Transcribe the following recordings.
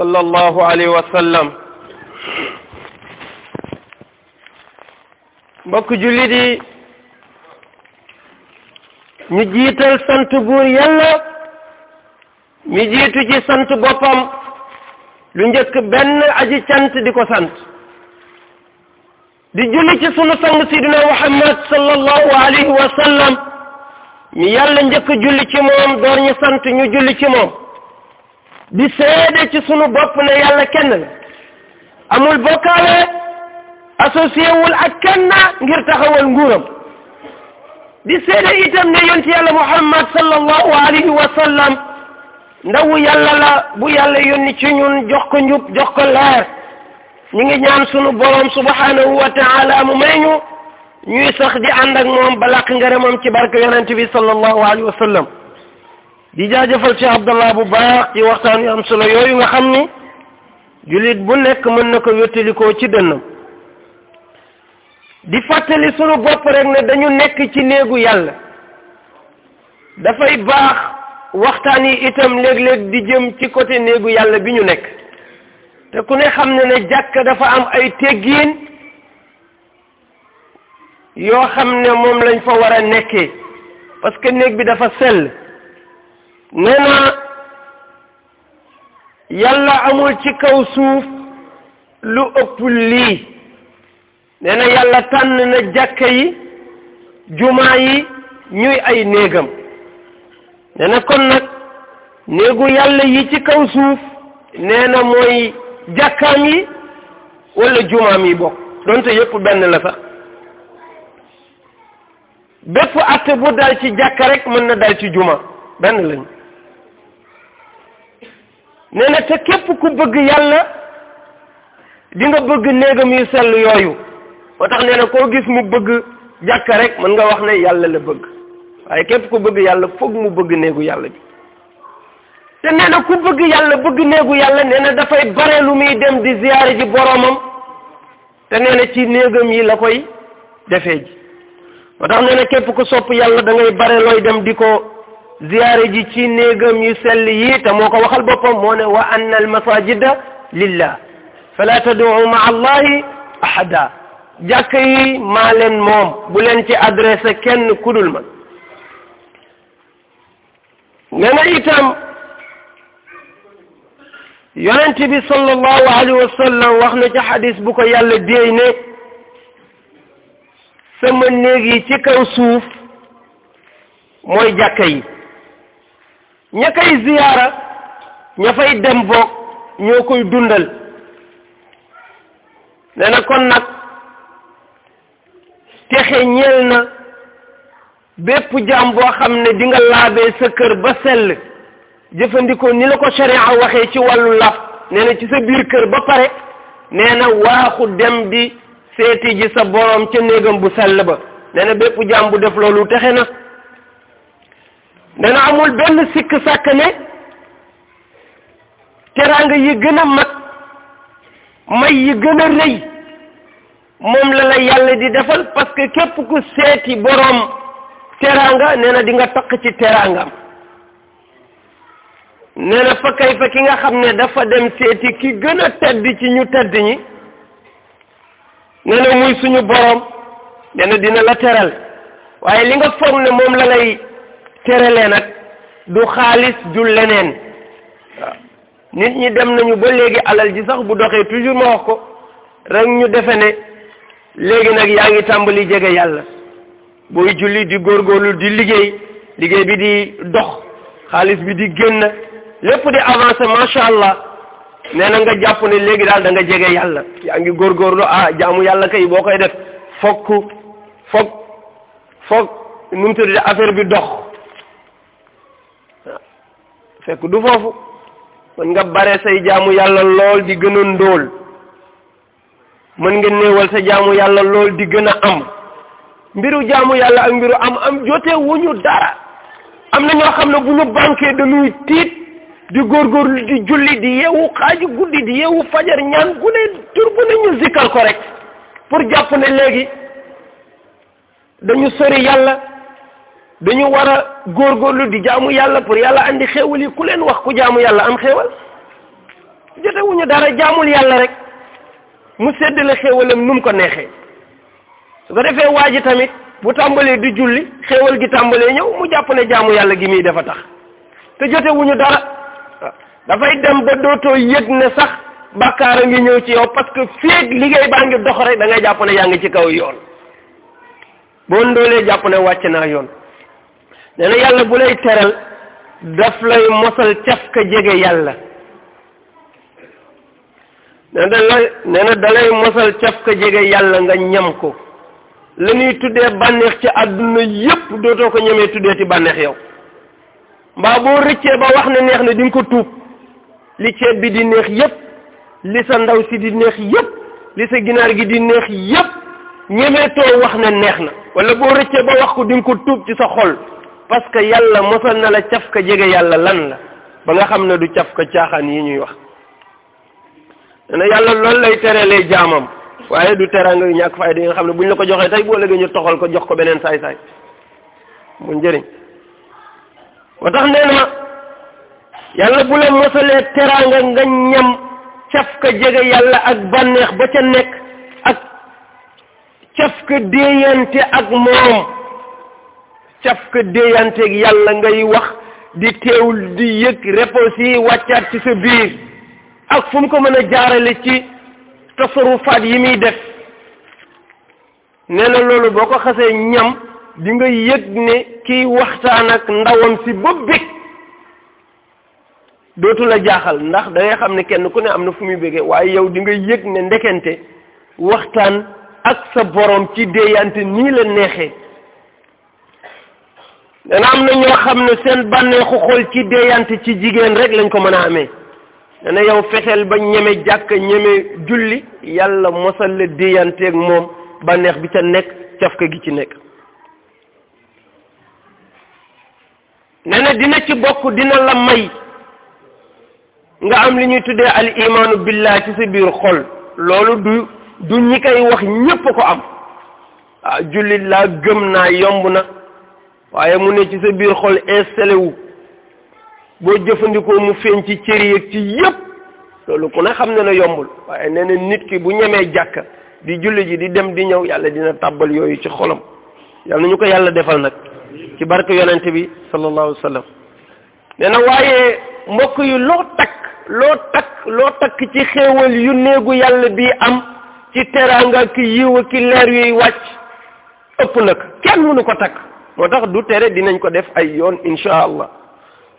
صلى الله عليه وسلم mbokk jullit yi ñu jiital sant buur yàlla mi jiitu ci sant boppam lu njëkk benn aji cant di ko sant di julli ci sunu sang sidina muhammad sallallahu alayhi wa sallam mi yàlla njëkk julli ci moom door ñu sant ñu julli ci moom di seede ci sunu bopp ne yàlla kenn la amul bokkaale associé wul ak kenn ngir taxawal nguuram di seede itam ne yonent yàlla muhammad sallallahu alayhi wa sallam ndawu yàlla la bu yàlla yónni ci ñun jox ko njub jox ko leer ñu ngi ñaan sunu borom subhanahu wa taala mu may ñuy sax di ànd moom ba làq ngërëmam ci barke yonent bi sallallahu alayhi wa sallam di jaajëfal Cheikh Abdallah bu baax ci waxtaan yu am solo yooyu nga xam ni jullit bu nekk mën na ko wéttalikoo ci dënnam di fàttali sunu bopp rek ne dañu nekk ci néegu yàlla dafay baax waxtaan yi itam léeg-léeg di jëm ci côté néegu yàlla bi ñu nekk te ku ne xam ne ne jàkka dafa am ay teggiin yoo xam ne moom lañ fa war a nekkee parce que néeg bi dafa sell nee yàlla amul ci kaw suuf lu ëpp lii nee na yàlla tànn na jàkka yi jumaa yi ñuy ay néegam nee kon nag néegu yàlla yi ci kaw suuf nee na mooy jàkkaam yi wala jumaam yi bokk donte yépp benn la sax bépp atte bu dal ci jàkka rek mën na dal ci juma benn lañu nee na te képp ku bëgg yàlla di nga bëgg néegam yu sell yooyu moo tax nee koo gis mu bëgg jàkka rek mën nga wax ne yàlla la bëgg waaye képp ku bëgg yàlla foog mu bëgg néegu yàlla bi te nee ku bëgg yàlla bëgg néegu yàlla nee na dafay bare lu muy dem di ziyaare ji boroomam te nee ci néegam yi la koy defee ji moo tax nee képp ku sopp yàlla da bare looy dem di ko ziyaare ji ci néegam yu sell yi te moo ko waxal boppam moo ne wa anna al lillah fala tad'u ma allahi ahada jàkk yi maa leen moom bu leen ci adressé kenn kudul man nee na itam bi sallallahu alayhi wa wax na ci xadis bu ko yàlla déey ne sama néeg ci kaw suuf mooy jàkka yi ña koy ziyaara ña fay dem boog ñoo koy dundal nee na kon nag texe ñeel na bépp jaam boo xam ne di nga laabee sa kër ba sell jëfandikoo ni la ko sharia waxee ci wàllu laf nee na ci sa biir kër ba pare nee na waaxu dem di seeti ji sa boroom ca néegam bu sell ba nee na bépp jaam bu def loolu texe na dana amul benn sikk sàkk ne teraanga yi gën a mag may yi gën a rëy moom la la yàlla di defal parce que képp ku seeti boroom teraanga nee na di nga takk ci teraangam nee na fa kay fa ki nga xam ne dafa dem seeti ki gën a tedd ci ñu tedd ñi nee na muy suñu boroom nee dina la teral waaye li nga foog ne moom la lay tere leen ak du xaalis du leneen nit ñi dem nañu ba léegi alal ji sax bu doxee toujours ma wax ko rek ñu defe ne léegi nag yaa ngi tàmbali jege yàlla booy julli di góorlu di liggéey liggéey bi di dox xaalis bi di gën na lépp di avancé macha allah nee na nga jàpp ne léegi daal danga jege yàlla yaa ngi góorgóorlu ah jaamu yàlla kay boo koy def fokk fokk fokk nu mu tudd affaire bi dox fekk du foofu mën nga bare say jaamu yàlla lool di gën a ndóol mën nga néewal sa jaamu yàlla lool di gën a am mbiru jaamu yàlla ak mbiru am am jote wuñu dara am na ñoo xam ne bu ñu banqué dañuy tiit di góorgóorlu di julli di yeewu xaaju guddi di yeewu fajar ñaan gu ne tur bu ne ñu zikkal ko rek pour jàpp ne léegi dañu sori yàlla dañu war a góor góorgóorlu di jaamu yàlla pour yàlla indi xéewal yi ku leen wax ku jaamu yàlla am xéewal jotewuñu dara jaamul yàlla rek mu séddale xéewalam nu mu ko neexee su ko defee waa ji tamit bu tàmbalee di julli xéewal gi tàmbalee ñëw mu jàpp ne jaamu yàlla gi muy dafa tax te jotewuñu dara dafay dem ba dootoo yëg ne sax bàkkaar a ngi ñëw ci yow parce que féeg liggéey baa ngi dox rek da ngay jàpp ne yaa ngi ci kaw yoon boo ndoolee jàpp ne wàcc naa yoon nee na yàlla bu lay teral daf lay mosal cafka jege yàlla nee na dalay nee dalay mosal cafka jege yàlla nga ñam ko la ñuy tuddee bànneex ci àdduna yépp dootoo ko ñemee tuddee ci bànneex yow mbaa boo rëccee ba wax ne neex na di ko tuub li ceeb bi di neex yépp li sa ndaw si di neex yépp li sa ginaar gi di neex yépp ñemee too wax ne neex na walla boo rëccee ba wax ko di ko tuub ci sa xol parce que yàlla mosal na la caf ka jege yàlla lan la ba nga xam ne du caf ka caaxaan yi ñuy wax dana yàlla loolu lay terelee jaamam waaye du teraanga yu ñàkk fayda yi nga xam ne bu ñu la ko joxee tey boo léegi ñu toxal ko jox ko beneen saay-saay mu njëriñ moo tax nee na yàlla bu la mosalee teraanga nga ñam caf ka jege yàlla ak bànneex ba ca nekk ak caf ka déeyante ak moom caf ka déeyanteeg yàlla ngay wax di teewul di yëg réponse yi wàccaat ci sa biir ak fu mu ko mën a jaarale ci tasarufaat yi muy def nee na loolu boo ko xasee ñam di nga yëg ne kiy waxtaan ak ndawam si ba dootul a jaaxal ndax da xam ne kenn ku ne am na fu muy bégee waaye yow di nga yëg ne ndekente waxtaan ak sa borom ci déeyante nii la neexee dana am na ñoo xam ne seen bànneexu xol ci deeyante ci jigéen rek lañ ko mën a amee dana yow fexeel ba ñeme jàkk ñeme julli yàlla mosal la deeyanteeg moom bànneex bi ca nekk cafka gi ci nekk nee dina ci bokk dina la may nga am li ñuy tuddee al imaanu billah ci sa biir xol loolu du du ñi koy wax ñépp ko am ah jullit laa gëm naa yomb na waaye mu ne ci sa biir xol installé wu boo jëfandikoo mu feeñ ci cër yi ak ci yépp loolu ku ne xam ne na yombul waaye nee na nit ki bu ñemee jàkka di julli ji di dem di ñëw yàlla dina tàbbal yooyu ci xolam yàlla nañu ko yàlla defal nag ci bark yonent bi sallallahu alayhi wa sallam waaye mbokk yu loo takk loo takk loo takk ci xéewal yu néegu yàlla bi am ci teraanga ki yiw ki leer yuy wàcc ëpp nag kenn mënu ko takk moo tax du tere dinañ ko def ay yoon incha allah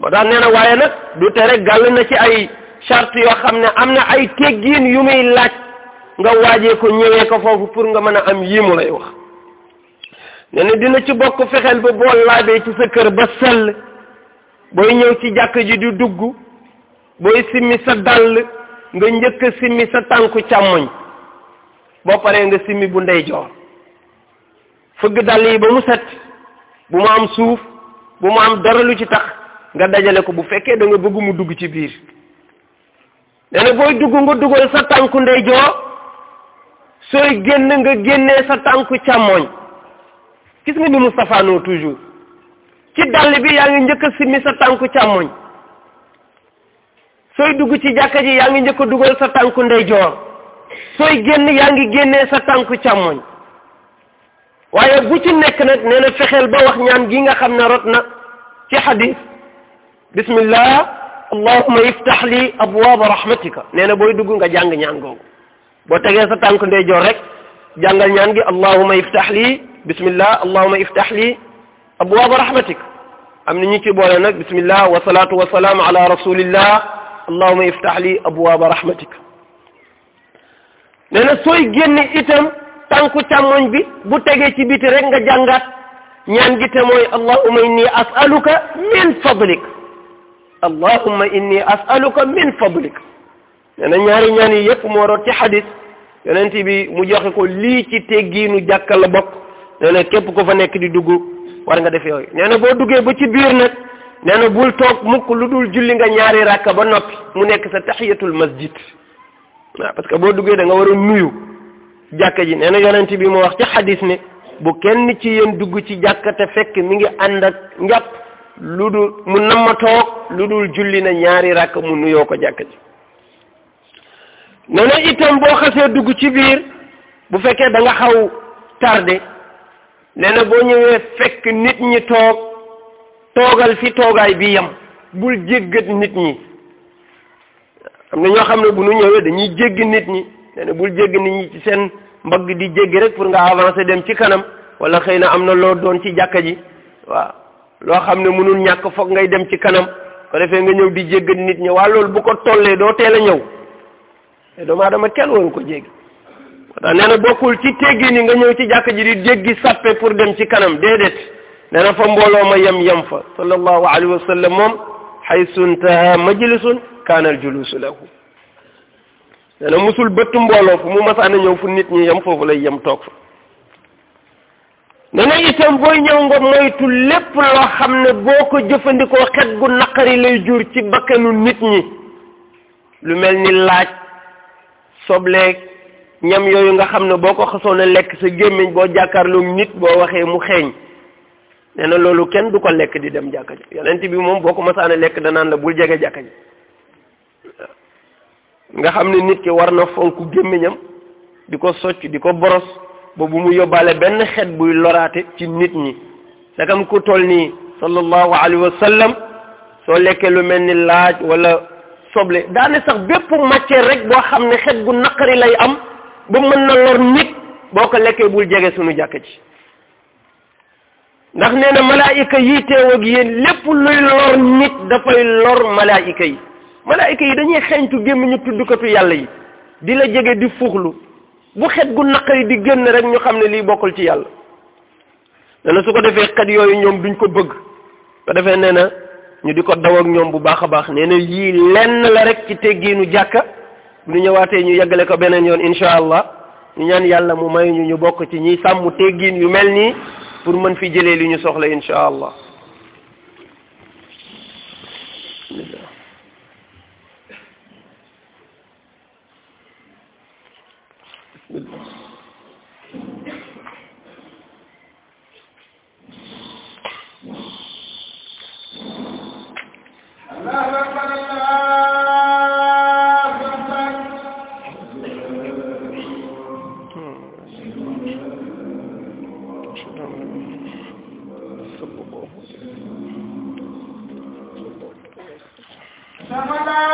moo tax nee na waaye nag du tere gàll na ci ay charte yoo xam ne am na ay teggiin yu muy laaj nga waajee ko ñëwee ko foofu pour nga mën a am yii mu lay wax ne na dina ci bokk fexeel ba boo laabee ci sa kër ba sell booy ñëw ci jàkk ji di dugg booy simmi sa dàll nga njëkk a simmi sa tànku càmmoñ boo paree nga simmi bu ndeyjoor fëgg dàll yi ba mu set bu mu am suuf bu mu am dara lu ci tax nga dajale ko bu fekkee danga nga dugg ci biir nee booy dugg nga dugal sa tànku ndeyjoor sooy génn nga génnee sa tànku càmmoñ gis nga ni mu toujours ci dàll bi yaa ngi njëkk a simmi sa tànku càmmoñ sooy dugg ci jàkka ji yaa ngi njëkk a dugal sa tànku ndeyjoor sooy génn yaa ngi génnee sa tànku càmmoñ waaye bu ci nekk nag na fexeel ba wax ñaan gi nga xam ne rot na ci xadis bismillah allahuma iftax li abwaaba rahmatika nee na booy dugg nga jàng ñaan googu boo tegee sa tànk ndeyjoor rek jàngal ñaan gi allahuma iftax li bismillah allahuma iftax li abwaaba rahmatika am na ñu ci boole bismillah wa salaatu wa salaam ala rasulillah allahuma iftax li abwaaba rahmatika nee na sooy génne itam tànku càmmoñ bi bu tegee ci biti rek nga jàngaat ñaan gi te mooy allahumma inni as'aluka min fadlik allahumma inni as'aluka min fadlik nee na ñaari ñaan yi yëpp moo root ci xadis yonent bi mu joxe ko lii ci teggiinu jàkka la bokk nee képp ko fa nekk di dugg war nga def yooyu nee na boo duggee ba ci biir nag nee na bul toog mukk lu dul julli nga ñaari rakka ba noppi mu nekk sa tahiyatul masjid waaw parce que boo duggee da nga war a nuyu jàkka ji nee na bi moo wax ci xadis ne bu kenn ci yéen dugg ci jàkka te fekk mu ngi ànd ak njàpp lu dul mu namma toog lu dul julli na ñaari ràkk mu nuyoo ko jàkka ji nee itam boo xasee dugg ci biir bu fekkee danga xaw tardé nee boo ñëwee fekk nit ñi toog toogal fi toogaay bi yam bul jéggat nit ñi am na ñoo xam ne bu nu ñëwee dañuy jéggi nit ñi nee bul jégg ni ñi ci seen mbagg di jéggi rek pour nga avancer dem ci kanam wala xëy na am na loo doon ci jàkka ji waaw loo xam ne mënul ñàkk foog ngay dem ci kanam ko defee nga ñëw di jégg nit ñi waa loolu bu ko tollee doo teel a ñëw te doomu aadama kenn waru ko jéggi nee na bokkul ci teggi ni nga ñëw ci jàkka ji di jéggi sàppe pour dem ci kanam déedéet nee na fa mbooloo ma yem yem fa sallallahu alayhi wa sallam moom xaysu intaha majlisun kaana al julusu nee na musul bëtt mbooloo fu mu masaana ñëw fu nit ñi yem foofu lay yem toog fa nee na booy ñëw nga moytu lépp loo xam ne boo ko jëfandikoo xet gu naqari lay jur ci bakkanu nit ñi lu mel ni laaj sobleeg ñam yooyu nga xam ne boo ko xasoon a lekk sa gémmiñ boo jàkkaarloo nit boo waxee mu xeeñ nee na loolu kenn du ko lekk di dem jàkka ji yonent bi moom boo ko masaana lekk danaan la bul jege jàkka ji nga xam ne nit ki war na fonk gémmiñam di ko socc di ko boros ba bu mu yóbbaale benn xet buy loraate ci nit ñi sakam ku toll nii sallallahu alayhi wa sallam soo lekkee lu mel ni laaj wala soble daane sax bépp matière rek boo xam ne xet gu naqari lay am ba mën na lor nit boo ko lekkee bul jege suñu jàkk ci ndax nee na malaayika yi teew ak lépp luy lor nit dafay lor malaayika yi malaayika yi dañuy xeeñtu gémmiñu tuddukatu yàlla yi di la jege di fuuxlu bu xet gu naqari di génn rek ñu xam ne lii bokkul ci yàlla nee na su ko defee xet yooyu ñoom duñ ko bëgg ko defee nee na ñu di ko daw ak ñoom bu baax a baax nee na yii lenn la rek ci teggiinu jàkka bu ñu ñëwaatee ñu yeggale ko beneen yoon incha allah ñu ñaan yàlla mu may ñu ñu bokk ci ñiy sàmm teggiin yu mel nii pour mën fi jëlee li ñu soxla incha allah Thank you.